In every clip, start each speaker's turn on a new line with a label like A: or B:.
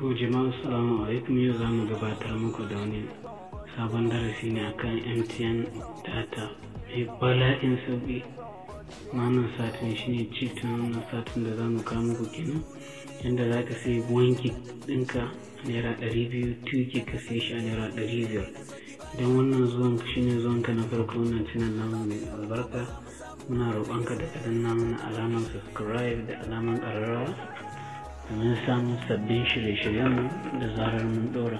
A: To jama'a salamu alaikum yau za mu gabatar muku da wani sabon darasi ne akan MTN data mai bala'in sauƙi. Wannan satin shi ne cikin wannan satin da za mu kawo muku kenan yadda za ka sai wanki ɗinka a naira ɗari biyu tuki ka sai shi a naira ɗari biyar. Idan wannan zuwan shi ne zuwan zuwanka na farko wannan cinan namu mai albarka muna roƙonka da ka danna alamar subscribe da alamar ƙararrawa mun samun sabbin shirye-shiryenmu da zarar mun ɗora.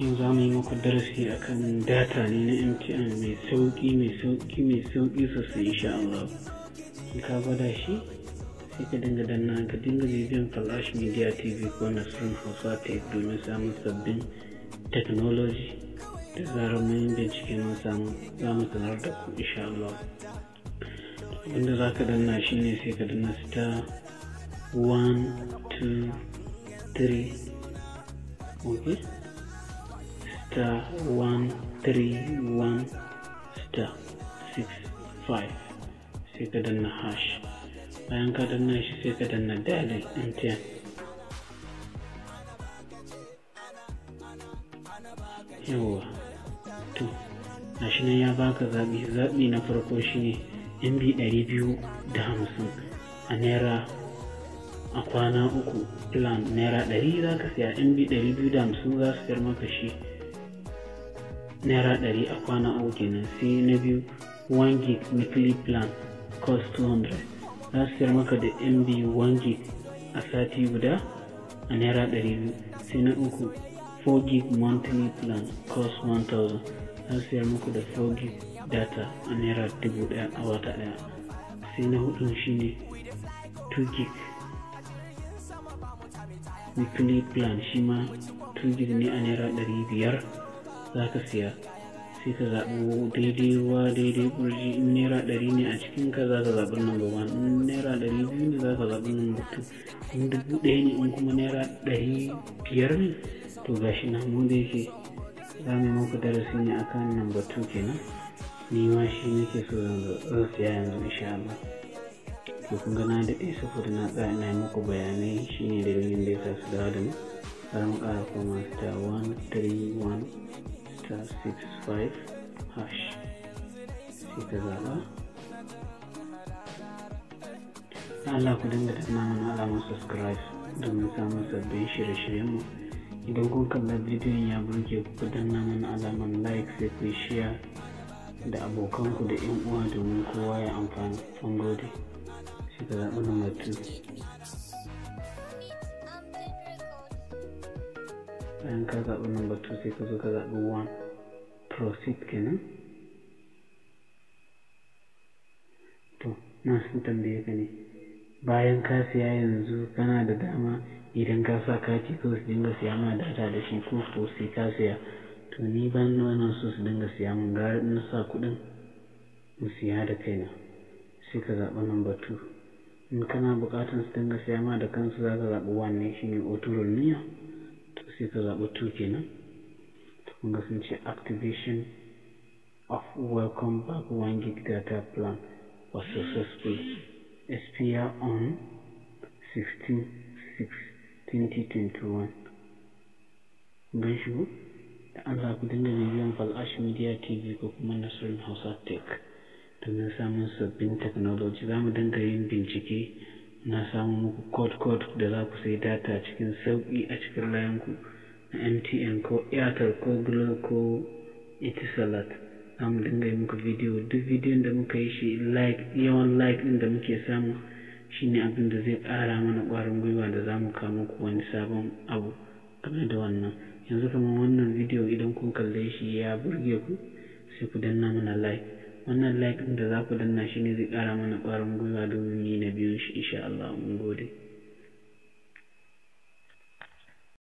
A: yau za mu yi muku darasi a kan data ne na mtn mai sauƙi mai sauki mai sauki sosai insha Allah in ka gwada shi sai ka dinga danna ka dinga bibiyan flash media tv ko nasirin hausa ta domin samun sabbin technology da zarar mun bincike mun samu za mu sanar da ku insha Allah wanda za ka danna shi ne sai ka danna star 1 2 3 ok star 1 3 1 star 6 5 sai ka danna hash bayan ka danna shi sai ka danna dialect mtn yawa to gashi nan ya baka zaɓi zaɓi na farko shi ne mb 250 a naira a kwana uku plan naira 100 za ka siya mb 250 za su fiyar maka shi naira 100 a kwana uku kenan sai na biyu 1 gig weekly plan cost 200 za su fiyar maka da mb 1 gig a sati guda a naira 200 sai na uku 4 gig monthly plan cost 1000 na siya muku da sauki data a naira dubu daya a wata daya sai na hudun shine 2 gig weekly plan shi ma 2 gig ne a naira dari biyar za ka siya sai ka zaɓi daidai ruwa daidai kurji in naira dari ne a cikin ka za ka zaɓi nan one in naira dari biyu ne za ka zaɓi nan two in dubu daya ne in kuma naira dari biyar ne to gashi na mu da yake zamu muku darasi ne akan number 2 kenan ni ma shi nake so zan zo ya yanzu insha Allah to kun ga na daɗe saboda na tsaya ina yi muku bayanai shine dalilin da ya sa su dawo da mu za mu ƙara koma star 131 star 65 hash sai ka zaɓa Allah ku dinga danna mana alamar subscribe domin samun sabbin shirye-shiryenmu idan kun kalla bidiyon ya burge ku danna mana alaman like sai ku share da abokanku da yan uwa domin kowa ya amfani sun gode shi ka zaɓi na 2 bayan ka zaɓi na sai ka zo ka zaɓi 1 proceed kenan to na sun tambaye ka ne bayan ka siya yanzu kana da dama idan ka sa kati kawai su dinga siya ma data da shi ko ko sai ka siya to ni ba ni wannan so su dinga siya min gara na sa kuɗin in siya da kaina sai ka zaɓa number two in kana buƙatar su dinga siya ma da kansu za ka zaɓi wannan shi ne oturul niya to sai ka zaɓi two kenan to kun ga sun ce activation of welcome back one gig data plan was successful expire on 16 6 2021 gan shigo da Allah ku dinga bibiyan Falash Media TV ko kuma Nasirin Hausa Tech domin samun sabbin technology za mu dinga yin bincike na samun muku code code da za ku sai data cikin sauƙi a cikin layanku na MTN ko Airtel ko Glo ko Etisalat. za dinga yi muku bidiyo duk bidiyon da muka yi shi like yawan like ɗin da muke samu shine abin da zai kara mana kwarin gwiwa da za mu kawo muku wani sabon abu game da wannan yanzu kuma wannan bidiyo idan kun kalle shi ya burge ku sai ku danna mana like wannan like ɗin da za ku danna shi ne zai kara mana kwarin gwiwa domin yi na biyun shi insha Allah mun gode